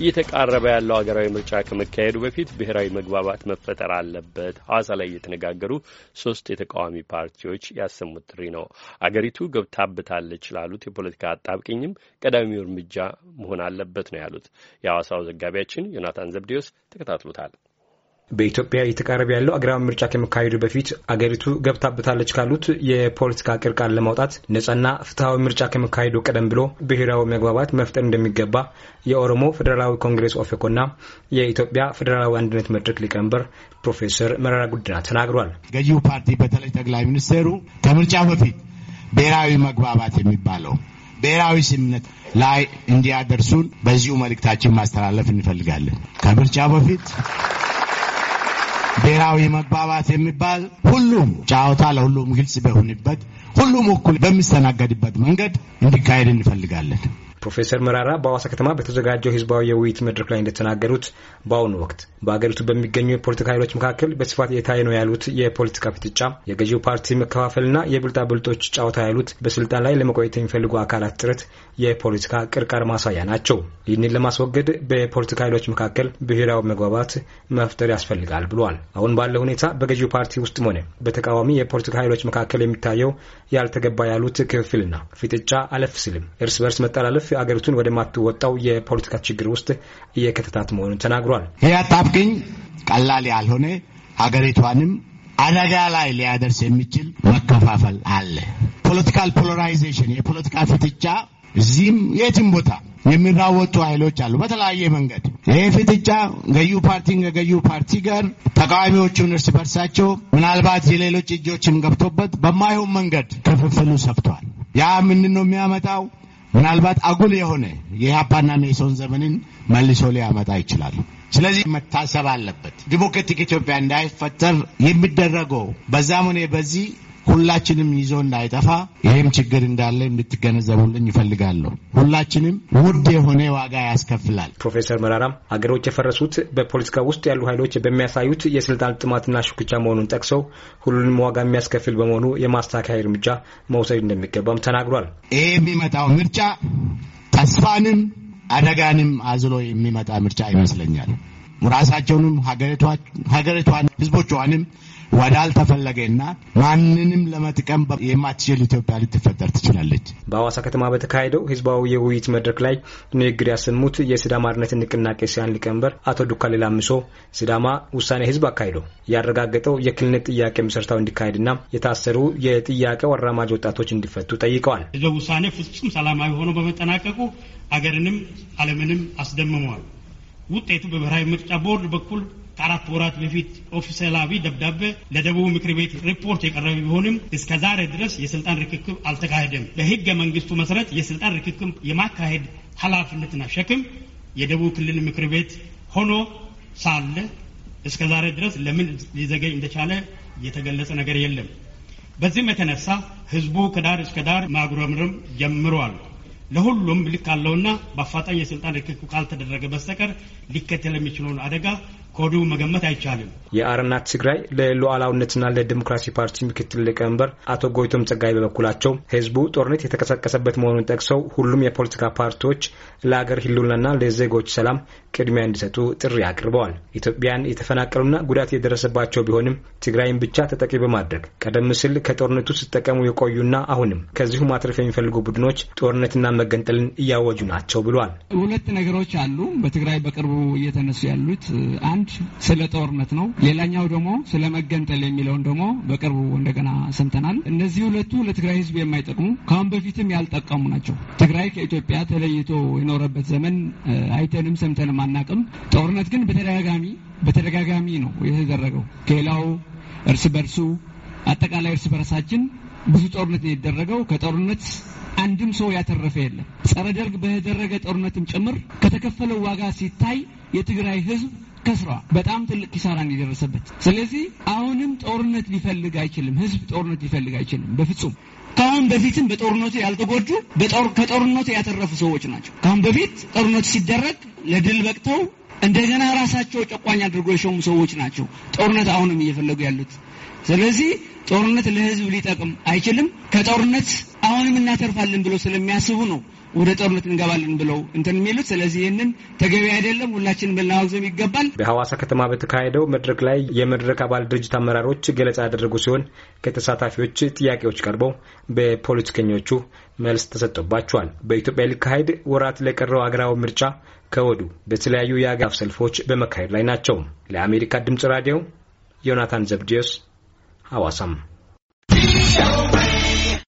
እየተቃረበ ያለው ሀገራዊ ምርጫ ከመካሄዱ በፊት ብሔራዊ መግባባት መፈጠር አለበት ሐዋሳ ላይ እየተነጋገሩ ሶስት የተቃዋሚ ፓርቲዎች ያሰሙት ጥሪ ነው። አገሪቱ ገብታብታለች ላሉት የፖለቲካ አጣብቅኝም ቀዳሚው እርምጃ መሆን አለበት ነው ያሉት። የሐዋሳው ዘጋቢያችን ዮናታን ዘብዴዎስ ተከታትሎታል። በኢትዮጵያ እየተቃረበ ያለው አገራዊ ምርጫ ከመካሄዱ በፊት አገሪቱ ገብታበታለች ካሉት የፖለቲካ ቅርቃን ለማውጣት ነጻና ፍትሐዊ ምርጫ ከመካሄዱ ቀደም ብሎ ብሔራዊ መግባባት መፍጠር እንደሚገባ የኦሮሞ ፌዴራላዊ ኮንግሬስ ኦፌኮና የኢትዮጵያ ፌዴራላዊ አንድነት መድረክ ሊቀመንበር ፕሮፌሰር መረራ ጉዲና ተናግሯል። ገዢው ፓርቲ በተለይ ጠቅላይ ሚኒስትሩ ከምርጫ በፊት ብሔራዊ መግባባት የሚባለው ብሔራዊ ስምምነት ላይ እንዲያደርሱን በዚሁ መልእክታችን ማስተላለፍ እንፈልጋለን ከምርጫ በፊት ብሔራዊ መግባባት የሚባል ሁሉም ጨዋታ ለሁሉም ግልጽ በሆንበት ሁሉም እኩል በሚስተናገድበት መንገድ እንዲካሄድ እንፈልጋለን። ፕሮፌሰር መራራ በአዋሳ ከተማ በተዘጋጀው ህዝባዊ የውይይት መድረክ ላይ እንደተናገሩት በአሁኑ ወቅት በአገሪቱ በሚገኙ የፖለቲካ ኃይሎች መካከል በስፋት የታየ ነው ያሉት የፖለቲካ ፍጥጫ፣ የገዢው ፓርቲ መከፋፈልና ብልጦች ጨዋታ ያሉት በስልጣን ላይ ለመቆየት የሚፈልጉ አካላት ጥረት የፖለቲካ ቅርቃር ማሳያ ናቸው። ይህንን ለማስወገድ በፖለቲካ ኃይሎች መካከል ብሔራዊ መግባባት መፍጠር ያስፈልጋል ብሏል። አሁን ባለው ሁኔታ በገዢው ፓርቲ ውስጥም ሆነ በተቃዋሚ የፖለቲካ ኃይሎች መካከል የሚታየው ያልተገባ ያሉት ክፍፍልና ፍጥጫ አለፍ ሲልም እርስ በርስ መጠላለፍ አገሪቱን ወደማትወጣው የፖለቲካ ችግር ውስጥ እየከተታት መሆኑን ተናግሯል። ይህ አጣብቅኝ ቀላል ያልሆነ ሀገሪቷንም አደጋ ላይ ሊያደርስ የሚችል መከፋፈል አለ። ፖለቲካል ፖላራይዜሽን፣ የፖለቲካ ፍጥጫ እዚህም የትም ቦታ የሚራወጡ ኃይሎች አሉ በተለያየ መንገድ። ይህ ፍጥጫ ገዩ ፓርቲን ከገዩ ፓርቲ ጋር፣ ተቃዋሚዎቹን እርስ በርሳቸው፣ ምናልባት የሌሎች እጆችም ገብቶበት በማይሆን መንገድ ክፍፍሉ ሰፍቷል። ያ ምንድን ነው የሚያመጣው? ምናልባት አጉል የሆነ የኢህአፓና ሜሶን ዘመንን መልሶ ሊያመጣ ይችላል። ስለዚህ መታሰብ አለበት። ዲሞክራቲክ ኢትዮጵያ እንዳይፈጠር የሚደረገው በዛም ሆነ በዚህ ሁላችንም ይዞ እንዳይጠፋ ይህም ችግር እንዳለ እንድትገነዘቡልኝ ይፈልጋለሁ። ሁላችንም ውድ የሆነ ዋጋ ያስከፍላል። ፕሮፌሰር መራራም አገሮች የፈረሱት በፖለቲካ ውስጥ ያሉ ኃይሎች በሚያሳዩት የስልጣን ጥማትና ሽኩቻ መሆኑን ጠቅሰው ሁሉንም ዋጋ የሚያስከፍል በመሆኑ የማስተካከያ እርምጃ መውሰድ እንደሚገባም ተናግሯል። ይህ የሚመጣው ምርጫ ተስፋንም አደጋንም አዝሎ የሚመጣ ምርጫ ይመስለኛል። ራሳቸውንም ሀገሪቷን፣ ህዝቦቿንም ወዳልተፈለገና ማንንም ለመጥቀም የማትችል ኢትዮጵያ ልትፈጠር ትችላለች። በሐዋሳ ከተማ በተካሄደው ህዝባዊ የውይይት መድረክ ላይ ንግግር ያሰሙት የሲዳማ አርነት ንቅናቄ ሲያን ሊቀመንበር አቶ ዱካ ላምሶ ሲዳማ ውሳኔ ህዝብ አካሂዶ ያረጋገጠው የክልልነት ጥያቄ መሰረታዊ እንዲካሄድና የታሰሩ የጥያቄው አራማጅ ወጣቶች እንዲፈቱ ጠይቀዋል። ህዝበ ውሳኔ ፍጹም ሰላማዊ ሆኖ በመጠናቀቁ አገርንም አለምንም አስደምመዋል። ውጤቱ በብሔራዊ ምርጫ ቦርድ በኩል ከአራት ወራት በፊት ኦፊሴላዊ ደብዳቤ ለደቡብ ምክር ቤት ሪፖርት የቀረበ ቢሆንም እስከ ዛሬ ድረስ የስልጣን ርክክብ አልተካሄደም። በህገ መንግስቱ መሰረት የስልጣን ርክክብ የማካሄድ ኃላፊነትና ሸክም የደቡብ ክልል ምክር ቤት ሆኖ ሳለ እስከ ዛሬ ድረስ ለምን ሊዘገይ እንደቻለ የተገለጸ ነገር የለም። በዚህም የተነሳ ህዝቡ ከዳር እስከ ዳር ማጉረምረም ጀምረዋል። ለሁሉም ልክ አለውና በአፋጣኝ የስልጣን ርክክብ ካልተደረገ በስተቀር ሊከተል የሚችለውን አደጋ ከወዲሁ መገመት አይቻልም። የአረና ትግራይ ለሉዓላውነትና ለዲሞክራሲ ፓርቲ ምክትል ሊቀመንበር አቶ ጎይቶም ጸጋይ በበኩላቸው ህዝቡ ጦርነት የተቀሰቀሰበት መሆኑን ጠቅሰው ሁሉም የፖለቲካ ፓርቲዎች ለአገር ህልውናና ለዜጎች ሰላም ቅድሚያ እንዲሰጡ ጥሪ አቅርበዋል። ኢትዮጵያን የተፈናቀሉና ጉዳት የደረሰባቸው ቢሆንም ትግራይን ብቻ ተጠቂ በማድረግ ቀደም ሲል ከጦርነቱ ሲጠቀሙ የቆዩና አሁንም ከዚሁ ማትረፍ የሚፈልጉ ቡድኖች ጦርነትና መገንጠልን እያወጁ ናቸው ብሏል። ሁለት ነገሮች አሉ በትግራይ በቅርቡ እየተነሱ ያሉት አንድ አንድ ስለ ጦርነት ነው፣ ሌላኛው ደግሞ ስለ መገንጠል የሚለውን ደግሞ በቅርቡ እንደገና ሰምተናል። እነዚህ ሁለቱ ለትግራይ ህዝብ የማይጠቅሙ ከአሁን በፊትም ያልጠቀሙ ናቸው። ትግራይ ከኢትዮጵያ ተለይቶ የኖረበት ዘመን አይተንም ሰምተንም አናቅም። ጦርነት ግን በተደጋጋሚ በተደጋጋሚ ነው የተደረገው። ከሌላው እርስ በርሱ አጠቃላይ እርስ በርሳችን ብዙ ጦርነት ነው የተደረገው። ከጦርነት አንድም ሰው ያተረፈ የለም። ጸረ ደርግ በተደረገ ጦርነትም ጭምር ከተከፈለው ዋጋ ሲታይ የትግራይ ህዝብ ከስሯ በጣም ትልቅ ኪሳራ የደረሰበት። ስለዚህ አሁንም ጦርነት ሊፈልግ አይችልም። ህዝብ ጦርነት ሊፈልግ አይችልም በፍጹም። ከአሁን በፊትም በጦርነቱ ያልተጎዱ ከጦርነቱ ያተረፉ ሰዎች ናቸው። ከአሁን በፊት ጦርነቱ ሲደረግ ለድል በቅተው እንደገና ራሳቸው ጨቋኝ አድርጎ የሾሙ ሰዎች ናቸው ጦርነት አሁንም እየፈለጉ ያሉት። ስለዚህ ጦርነት ለህዝብ ሊጠቅም አይችልም። ከጦርነት አሁንም እናተርፋለን ብሎ ስለሚያስቡ ነው ወደ ጦርነት እንገባለን ብለው እንትን የሚሉት ስለዚህ ይህንን ተገቢ አይደለም፣ ሁላችን ልናወግዘብ ይገባል። በሐዋሳ ከተማ በተካሄደው መድረክ ላይ የመድረክ አባል ድርጅት አመራሮች ገለጻ ያደረጉ ሲሆን ከተሳታፊዎች ጥያቄዎች ቀርበው በፖለቲከኞቹ መልስ ተሰጥቶባቸዋል። በኢትዮጵያ ሊካሄድ ወራት ለቀረው አገራዊ ምርጫ ከወዱ በተለያዩ የአገር ሰልፎች በመካሄድ ላይ ናቸው። ለአሜሪካ ድምፅ ራዲዮ ዮናታን ዘብዲዮስ ሐዋሳም